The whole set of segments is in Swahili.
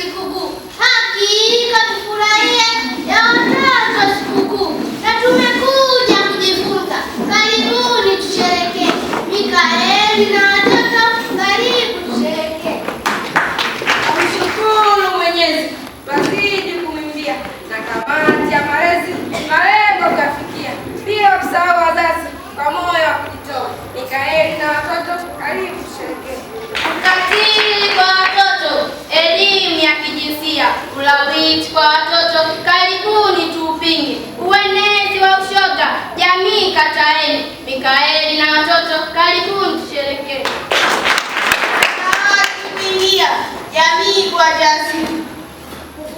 sikukuu. Hakika tufurahie sikukuu, na tumekuja Karibuni tusherekee. Mikaeli na watoto, karibu tusherekee. Mshukuru Mwenyezi, wazidi kumwimbia, na kamati ya malezi malengo kuyafikia, bila kusahau wazazi kwa Mikaeli na watoto, karibu tusherekee.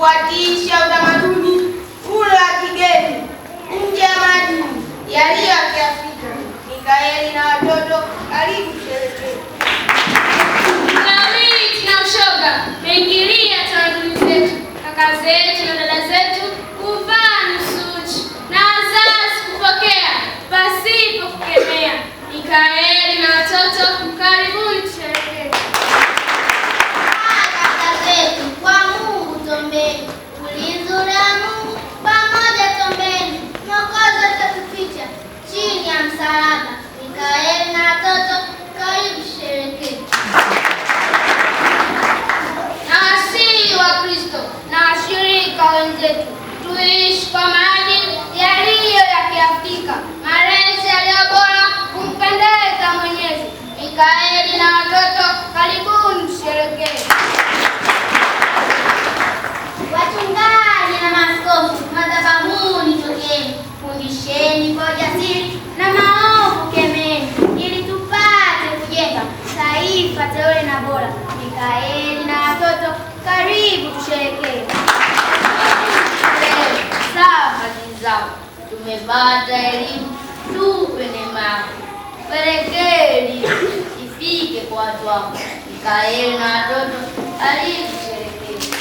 kufuatisha utamaduni mlo wa kigeni nje ya madini yaliyo ya Kiafrika. Mikaeli na watoto, karibu sherekee. Tunaamini tuna ushoga mengilia tamaduni zetu, kaka zetu na dada zetu kuvaa nusu uchi na wazazi kupokea pasipo kukemea. Mikaeli ujasiri na maovu kemeni, ili tupate kujenga taifa teule na bora. Mikaeli na watoto, karibu tusherekee. Sawa tumepata elimu, tupe neema yako, pelekee ifike kwa watu wako. Mikaeli na watoto, karibu tusherekee.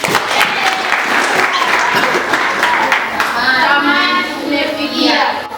Tamani tumefikia.